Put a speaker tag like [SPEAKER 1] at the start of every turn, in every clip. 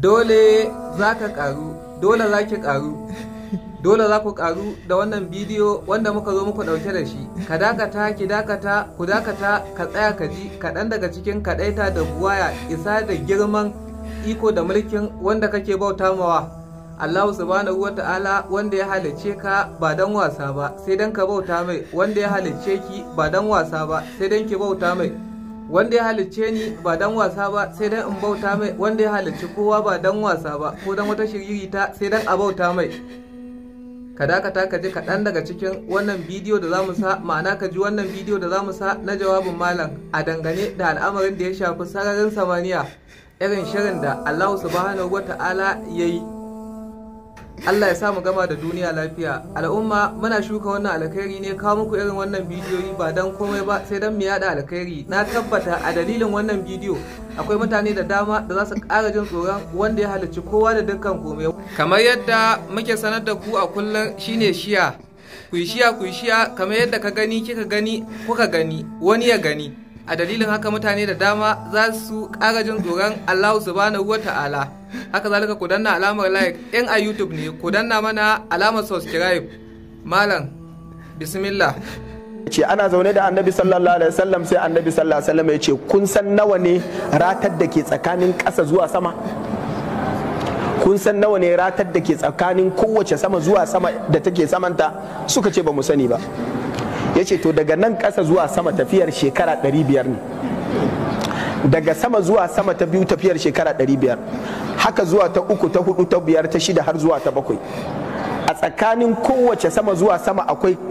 [SPEAKER 1] dole za ka karu dole za ki karu dole za ku karu da wannan bidiyo wanda muka zo muku dauke da shi ka dakata ki dakata ku dakata ka tsaya ka ji kaɗan daga cikin kaɗaita da buwaya isa da girman iko da mulkin wanda kake bauta mawa Allahu subhanahu ta'ala wanda ya halicce ka ba dan wasa ba sai dan ka bauta mai wanda ya halicce ki ba dan wasa ba sai dan ki bauta mai wanda ya halicce ni ba dan wasa ba sai dan in bauta mai wanda ya halicci kowa ba dan wasa ba ko dan wata shiriri ta sai dan a bauta mai ka dakata ka ji kaɗan daga cikin wannan bidiyo da zamu sa ma'ana ka ji wannan bidiyo da zamu sa na jawabin malam a dangane da al'amarin da ya shafi sararin samaniya irin shirin da allahu subhanahu wa ta'ala ya yi Allah ya sa mu gama da duniya lafiya al'umma muna shuka wannan alkhairi ne kawo muku irin wannan bidiyoyi ba dan komai ba sai dan mu yada alkhairi na tabbata a dalilin wannan bidiyo akwai mutane da dama da za su ƙara jin tsoron wanda ya halarci kowa da dukkan komai kamar yadda muke sanar da ku a kullum shine shiya ku shiya ku shiya kamar yadda ka gani kika gani kuka gani wani ya gani a dalilin haka mutane da dama za su ƙara jin tsoron Allah subhanahu wa ta'ala haka zalika ku danna alamar like in a YouTube ne ku danna mana alamar subscribe malam bismillah
[SPEAKER 2] ce ana zaune da annabi sallallahu alaihi wasallam sai annabi sallallahu alaihi wasallam ya ce kun san nawa ne ratar da ke tsakanin ƙasa zuwa sama kun san nawa ne ratar da ke tsakanin kowace sama zuwa sama da take samanta suka ce ba mu sani ba ya ce to daga nan ƙasa zuwa sama tafiyar shekara 500 ne daga sama zuwa sama ta biyu tafiyar shekara 500 haka zuwa ta uku ta hudu ta biyar ta shida har zuwa ta bakwai a tsakanin kowace sama zuwa sama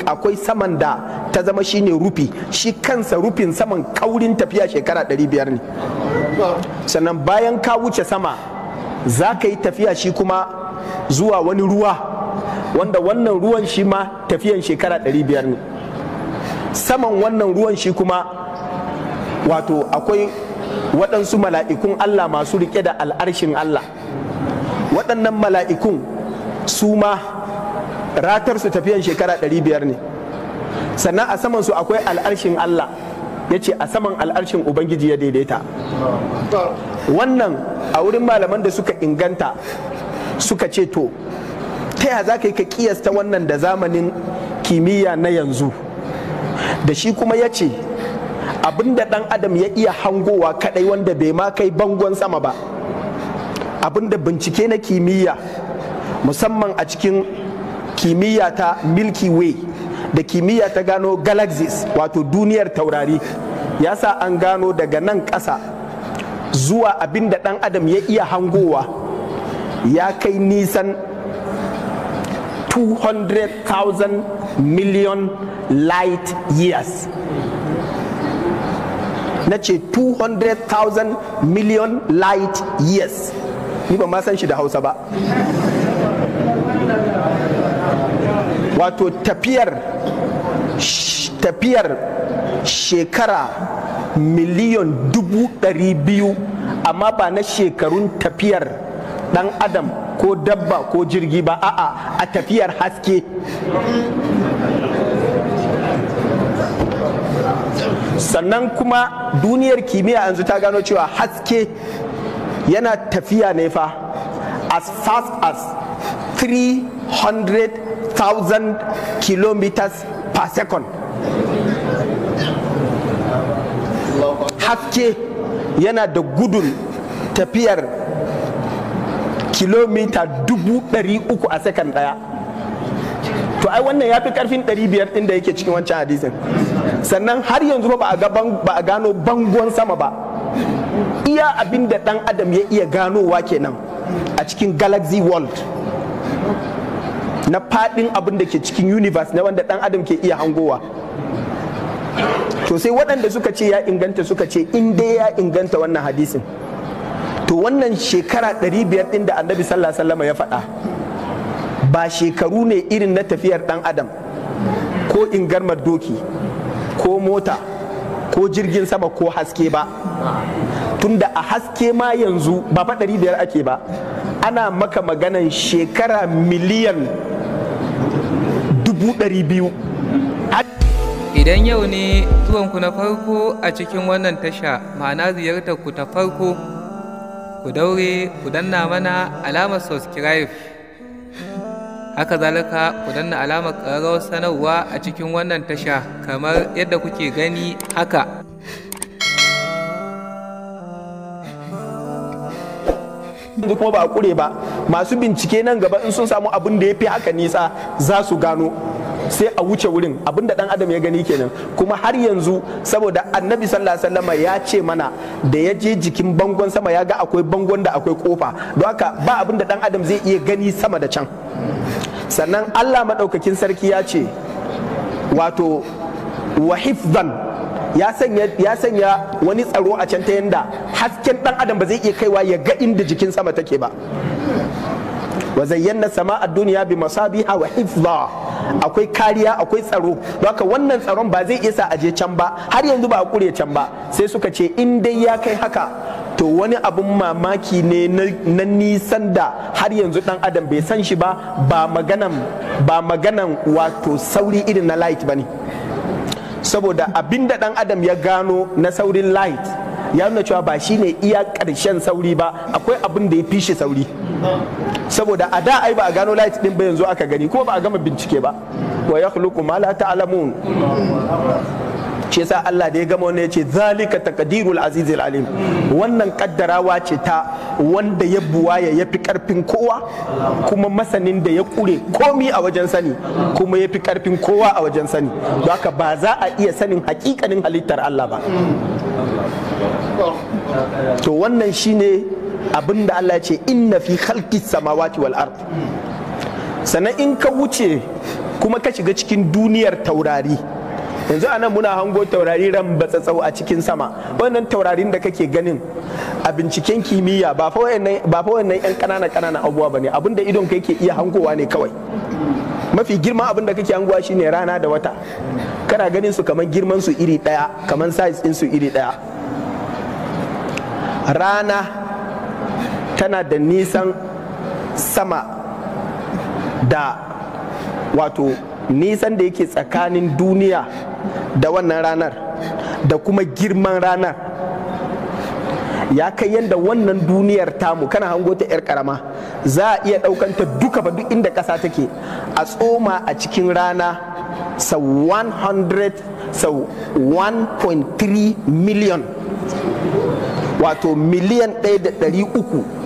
[SPEAKER 2] akwai saman da ta zama shine rufi shi kansa rufin saman kaurin tafiya shekara 500 ne sannan bayan ka wuce sama za ka yi tafiya shi kuma zuwa wani ruwa wanda wannan ruwan shi ma tafiyan shekara 500 ne saman wannan ruwan shi kuma wato akwai waɗansu mala'ikun Allah masu riƙe da al'arshin Allah waɗannan mala'ikun su ma ratar su tafiyan shekara 500 ne sannan a saman su akwai al'arshin Allah ya ce a saman al'arshin Ubangiji ya daidaita wannan a wurin malaman da suka inganta suka ce to ta yaya za ka yi ka kiyasta wannan da zamanin kimiyya na yanzu da shi kuma ya ce abinda dan adam ya iya hangowa kadai wanda bai ma kai bangon sama ba abinda bincike na kimiyya musamman a cikin kimiyya ta milky way da kimiyya ta gano galaxies wato duniyar taurari ya sa an gano daga nan ƙasa zuwa abinda dan adam ya iya hangowa ya kai nisan 200,000 million light years na ce 200,000 million light years ni ba ma san shi da hausa ba wato tafiyar tafiyar shekara miliyon dubu ɗari biyu amma ba na shekarun tafiyar ɗan adam ko dabba ko jirgi ba a'a a tafiyar haske sannan kuma duniyar kimiyya yanzu ta gano cewa haske yana tafiya ne fa as fast as 300,000 kilometers per second haske yana da gudun tafiyar kilomita dubu ɗari uku a sakan ɗaya to ai wannan ya fi ƙarfin ɗari biyar ɗin da yake cikin wancan hadisin sannan har yanzu ba a gano bangon sama ba iya abin da ɗan adam ya iya ganowa kenan a cikin galaxy world na faɗin abin da ke cikin universe na wanda ɗan adam ke iya hangowa to sai waɗanda suka ce ya inganta suka ce in dai ya inganta wannan hadisin to wannan shekara 500 ɗin da annabi sallallahu alaihi wasallam ya faɗa ba shekaru ne irin na tafiyar ɗan adam ko ingarmar doki ko mota ko jirgin sama ko haske ba tunda a haske ma yanzu ba fa 500 ake ba ana maka maganan shekara miliyan 200
[SPEAKER 1] idan yau ne zuwanku na farko a cikin wannan tasha ma'ana ziyartar ku ta farko ku daure ku danna mana alamar subscribe haka zalika ku danna alamar ƙararrawar sanarwa a cikin wannan tasha kamar yadda kuke gani haka
[SPEAKER 2] duk kuma ba a kure ba masu bincike nan gaba in sun samu abin da ya fi haka nisa za su gano sai a wuce wurin abinda dan adam ya gani kenan kuma har yanzu saboda annabi sallallahu alaihi wasallam ya ce mana da ya je jikin bangon sama ya ga akwai bangon da akwai kofa don haka ba abinda dan adam zai iya gani sama da can sannan Allah madaukakin sarki ya ce wato wa hifzan ya sanya wani tsaro a can ta yanda hasken dan adam ba zai iya kaiwa ya ga inda jikin sama take ba wa zayyana sama a duniya bi masabiha wa hifza akwai kariya akwai tsaro haka wannan tsaron ba zai isa a je can ba har yanzu ba a kure can ba sai suka ce in dai ya kai haka to wani abun mamaki ne na nisan da har yanzu dan adam bai san shi ba ba maganan ba maganan wato sauri irin na light bane saboda abinda da dan adam ya gano na saurin light ya nuna cewa ba shine iya ƙarshen sauri ba akwai abin da ya fi shi sauri saboda a da ai ba a gano light din ba yanzu aka gani kuma ba a gama bincike ba wa yakhluqu ma la ta'lamun ce sa Allah da ya gama wannan yace zalika taqdirul azizil alim wannan kaddarawa ce ta wanda ya buwaya ya fi karfin kowa kuma masanin da ya kure komi a wajen sani kuma ya fi karfin kowa a wajen sani don haka ba za a iya sanin hakikanin halittar Allah ba to wannan shine abinda Allah ya ce inna fi khalqis samawati wal ard sannan in ka wuce kuma ka shiga cikin duniyar taurari yanzu a nan muna hango taurari ran batsatsau a cikin sama wannan taurarin da kake ganin a binciken kimiyya ba fa wannan yan kanana kanana abubuwa bane abinda da idon ka yake iya hangowa ne kawai mafi girma abin da kake hangowa shine rana da wata kana ganin su kamar girman su iri daya kamar size din su iri daya rana tana da nisan sama da wato nisan da yake tsakanin duniya da wannan ranar da kuma girman ranar ya kai yadda wannan duniyar tamu kana hango ta 'yar karama za a iya ɗaukanta duka ba duk inda ƙasa take a tsoma a cikin rana sau 100 sau 1.3 miliyan wato miliyan 1.300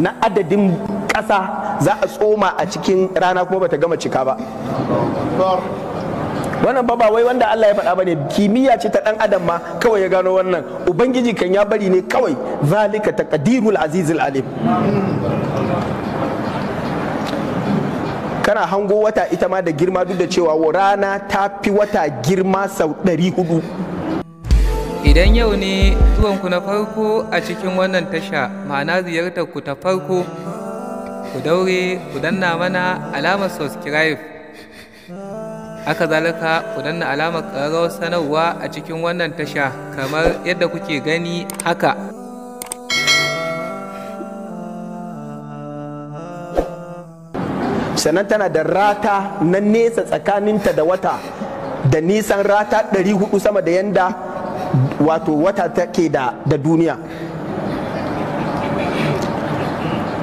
[SPEAKER 2] na adadin ƙasa za a tsoma a cikin rana kuma bata gama cika ba wannan ba wai wanda Allah ya faɗa bane kimiyya ce ta ɗan adam ma kawai ya gano wannan ubangiji kan ya bari ne kawai zalika taqdirul azizul alim kana hango wata ita ma da girma duk da cewa rana ta fi wata girma sau ɗari hudu
[SPEAKER 1] Idan yau ne zuwanku na farko a cikin wannan tasha ma'ana ziyartar ku ta farko ku daure ku danna mana alamar subscribe aka zalika ku danna alamar ƙararrawar sanarwa a cikin wannan tasha kamar yadda kuke gani haka
[SPEAKER 2] sannan tana da rata na nesa tsakaninta da wata da nisan rata 400 sama da yanda wato wata take da da duniya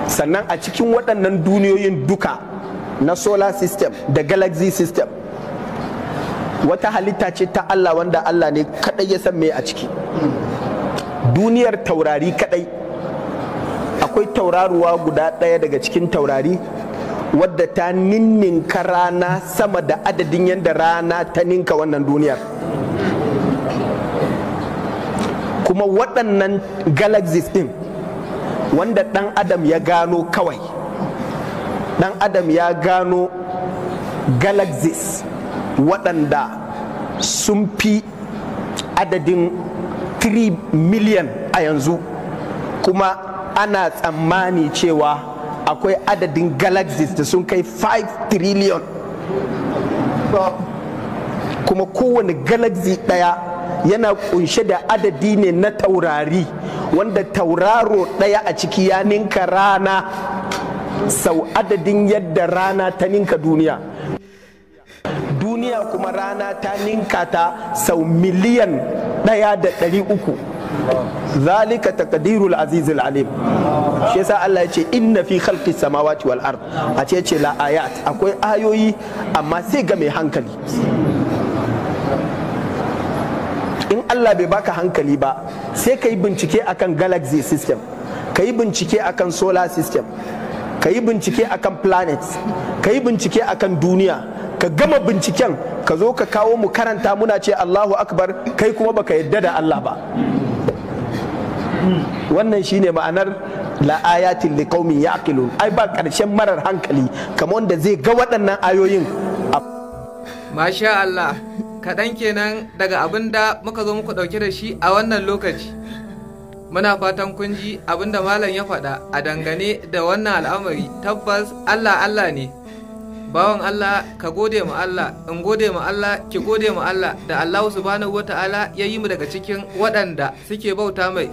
[SPEAKER 2] sannan a cikin waɗannan duniyoyin duka na solar system da galaxy system wata halitta ce ta Allah wanda Allah ne kadai ya san me a ciki duniyar taurari kadai akwai tauraruwa guda ɗaya daga cikin taurari wadda ta ninninka rana sama da adadin yadda rana ta ninka wannan duniyar kuma waɗannan galaxies ɗin wanda ɗan adam ya gano kawai ɗan adam ya gano galaxies waɗanda sun fi adadin 3 miliyan a yanzu kuma ana tsammani cewa akwai adadin galaxies da sun kai 5 trillion kuma kowane galaxy ɗaya yana kunshe da adadi ne na taurari wanda tauraro ɗaya a ciki ya ninka rana sau adadin yadda rana ta ninka duniya duniya kuma rana ta ninka ta sau miliyan ɗaya da ɗari uku zalika takadirul azizul alim shi yasa Allah ya ce inna fi khalqi samawati wal ard a ce ce la ayat akwai ayoyi amma sai ga mai hankali in Allah bai baka hankali ba sai ka yi bincike akan galaxy system ka yi bincike akan solar system ka yi bincike akan planets ka yi bincike akan duniya ka gama binciken ka zo ka kawo mu karanta muna ce Allahu akbar kai kuma baka yadda da Allah ba wannan shine ma'anar la ayatin liqaumin yaqilun ai ba karshen marar hankali kamar wanda zai ga waɗannan ayoyin
[SPEAKER 1] masha Allah kaɗan kenan daga abin da muka zo muku ɗauke da shi a wannan lokaci muna fatan kun ji abin da malam ya faɗa a dangane da wannan al'amari tabbas allah allah ne bawan allah ka gode ma allah in gode ma allah ki gode ma allah da allahu subhanahu ta'ala ya yi mu daga cikin waɗanda suke bauta mai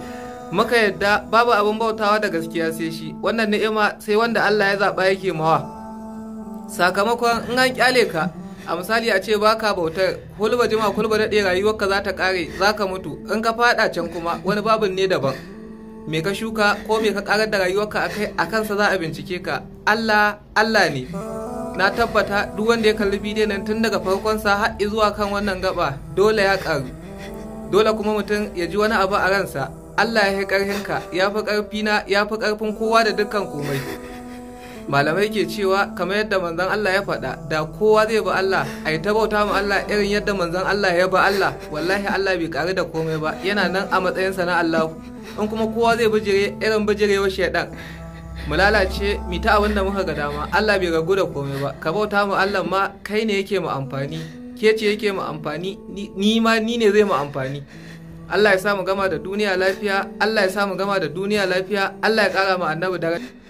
[SPEAKER 1] muka yadda babu abin bautawa da gaskiya sai shi wannan ni'ima sai wanda allah ya zaɓa yake mawa sakamakon in an kyale ka a misali a ce baka bautar hulba jima hulba daɗe rayuwarka za ta ƙare za ka mutu in ka faɗa can kuma wani babin ne daban me ka shuka ko me ka ƙarar da rayuwarka a kansa za a bincike ka allah allah ne na tabbata duk wanda ya kalli bidiyon nan tun daga farkonsa har zuwa kan wannan gaba dole ya ƙaru dole kuma mutum ya ji wani abu a ransa allah ya yi ƙarfinka ya fi ƙarfina ya fi ƙarfin kowa da dukkan komai malamai ke cewa kamar yadda manzon Allah ya faɗa da kowa zai ba Allah a yi ta bauta ma Allah irin yadda manzon Allah ya ba Allah wallahi Allah bai ƙari da komai ba yana nan a matsayinsa na Allah in kuma kowa zai bijire irin bijirewar shaidan mu lalace mu ta abin da muka ga dama Allah bai ragu da komai ba ka bauta ma Allah ma kai ne yake mu amfani ke ce yake mu amfani ni ma ni ne zai mu amfani Allah ya samu gama da duniya lafiya Allah ya samu gama da duniya lafiya Allah ya kara mu annabi da